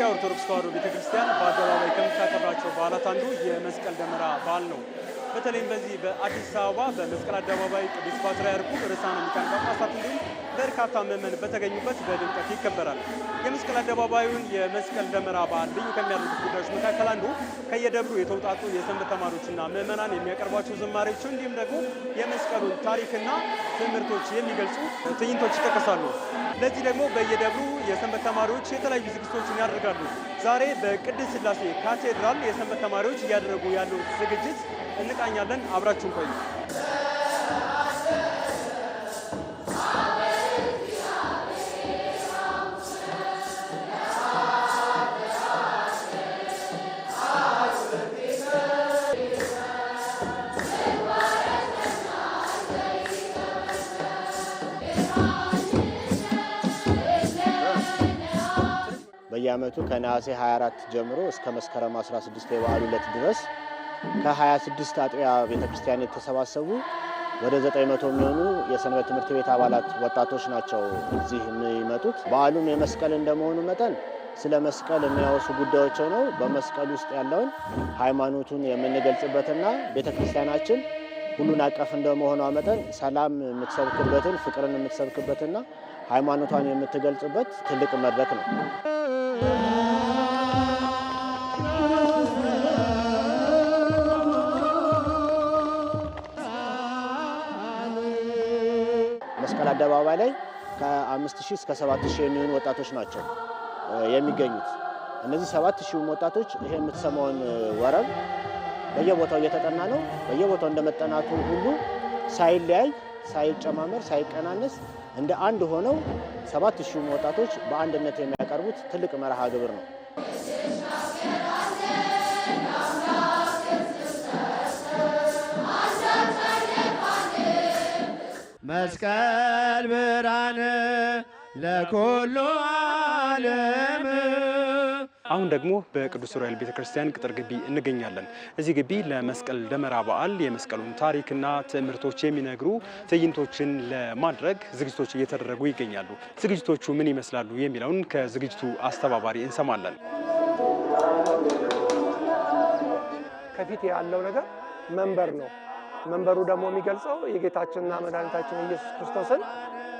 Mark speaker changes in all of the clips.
Speaker 1: የኢትዮጵያ ኦርቶዶክስ ተዋሕዶ ቤተክርስቲያን በአደባባይ ከምታከብራቸው በዓላት አንዱ የመስቀል ደመራ በዓል ነው። በተለይም በዚህ በአዲስ አበባ በመስቀል አደባባይ ቅዱስ ፓትርያርኩ ርዕሳነ ሊቃነ ጳጳሳት እንዲሁም በርካታ ምዕመናን በተገኙበት በድምቀት ይከበራል። የመስቀል አደባባዩን የመስቀል ደመራ በዓል ልዩ ከሚያደርጉት ጉዳዮች መካከል አንዱ ከየደብሩ የተውጣጡ የሰንበት ተማሪዎችና ምዕመናን የሚያቀርቧቸው ዝማሬዎች እንዲሁም ደግሞ የመስቀሉን ታሪክና ትምህርቶች የሚገልጹ ትዕይንቶች ይጠቀሳሉ። ለዚህ ደግሞ በየደብሩ የሰንበት ተማሪዎች የተለያዩ ዝግጅቶችን ያደርጋሉ። ዛሬ በቅድስት ስላሴ ካቴድራል የሰንበት ተማሪዎች እያደረጉ ያለው ዝግጅት እንቃኛለን። አብራችሁን ቆዩ።
Speaker 2: በየአመቱ ከነሐሴ 24 ጀምሮ እስከ መስከረም 16 የበዓሉ ዕለት ድረስ ከ26 አጥቢያ ቤተ ክርስቲያን የተሰባሰቡ ወደ 900 የሚሆኑ የሰንበት ትምህርት ቤት አባላት ወጣቶች ናቸው እዚህ የሚመጡት። በዓሉም የመስቀል እንደመሆኑ መጠን ስለ መስቀል የሚያወሱ ጉዳዮች ሆነው በመስቀል ውስጥ ያለውን ሃይማኖቱን የምንገልጽበትና ቤተ ክርስቲያናችን ሁሉን አቀፍ እንደመሆኗ መጠን ሰላም የምትሰብክበትን፣ ፍቅርን የምትሰብክበትና ሃይማኖቷን የምትገልጽበት ትልቅ መድረክ ነው። መስቀል አደባባይ ላይ ከ5000 እስከ 7000 የሚሆኑ ወጣቶች ናቸው የሚገኙት። እነዚህ ሰባት ወጣቶች ይሄ የምትሰማውን ወረብ በየቦታው እየተጠና ነው። በየቦታው እንደመጠናቱ ሁሉ ሳይለያይ፣ ሳይጨማመር፣ ሳይቀናነስ እንደ አንድ ሆነው ሰባት ወጣቶች በአንድነት የሚያቀርቡት ትልቅ መርሃ ግብር ነው።
Speaker 1: መስቀል ብርሃን ለኩሉ ዓለም። አሁን ደግሞ በቅዱስ ዑራኤል ቤተክርስቲያን ቅጥር ግቢ እንገኛለን። እዚህ ግቢ ለመስቀል ደመራ በዓል የመስቀሉን ታሪክና ትምህርቶች የሚነግሩ ትዕይንቶችን ለማድረግ ዝግጅቶች እየተደረጉ ይገኛሉ። ዝግጅቶቹ ምን ይመስላሉ የሚለውን ከዝግጅቱ አስተባባሪ እንሰማለን።
Speaker 3: ከፊት ያለው ነገር መንበር ነው። መንበሩ ደግሞ የሚገልጸው የጌታችንና መድኃኒታችን ኢየሱስ ክርስቶስን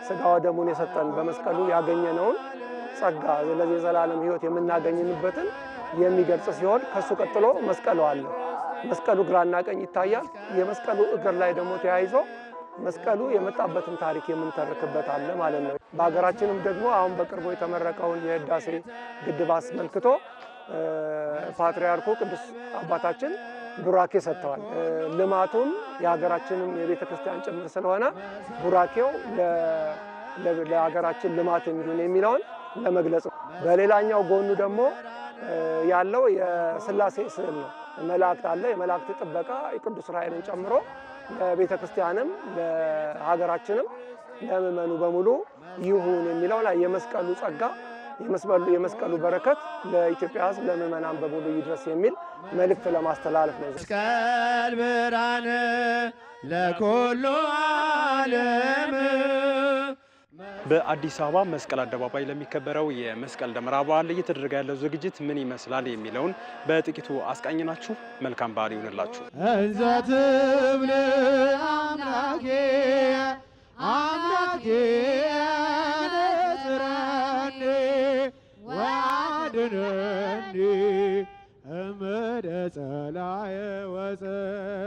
Speaker 3: ስጋው ደሙን የሰጠን በመስቀሉ ያገኘነውን ጸጋ ለዚህ የዘላለም ህይወት የምናገኝንበትን የሚገልጽ ሲሆን ከሱ ቀጥሎ መስቀሉ አለ። መስቀሉ ግራና ቀኝ ይታያል። የመስቀሉ እግር ላይ ደግሞ ተያይዞ መስቀሉ የመጣበትን ታሪክ የምንተርክበት አለ ማለት ነው። በሀገራችንም ደግሞ አሁን በቅርቡ የተመረቀውን የህዳሴ ግድብ አስመልክቶ ፓትርያርኩ ቅዱስ አባታችን ቡራኬ ሰጥተዋል። ልማቱም የሀገራችንም የቤተ ክርስቲያን ጭምር ስለሆነ ቡራኬው ለሀገራችን ልማት የሚሆን የሚለውን ለመግለጽ በሌላኛው ጎኑ ደግሞ ያለው የስላሴ ስዕል ነው። መላእክት አለ። የመላእክት ጥበቃ የቅዱስ ራኤልን ጨምሮ ለቤተ ክርስቲያንም ለሀገራችንም ለምእመኑ በሙሉ ይሁን የሚለው ላይ የመስቀሉ ጸጋ የመስቀሉ በረከት ለኢትዮጵያ ሕዝብ ለምዕመናን በሙሉ ይድረስ የሚል መልእክት ለማስተላለፍ ነው። መስቀል ብርሃነ ለኩሉ
Speaker 1: ዓለም በአዲስ አበባ መስቀል አደባባይ ለሚከበረው የመስቀል ደመራ በዓል እየተደረገ ያለው ዝግጅት ምን ይመስላል የሚለውን በጥቂቱ አስቃኝናችሁ መልካም በዓል ይሁንላችሁ። እንዘ አምላኬ አምላኬ Adonai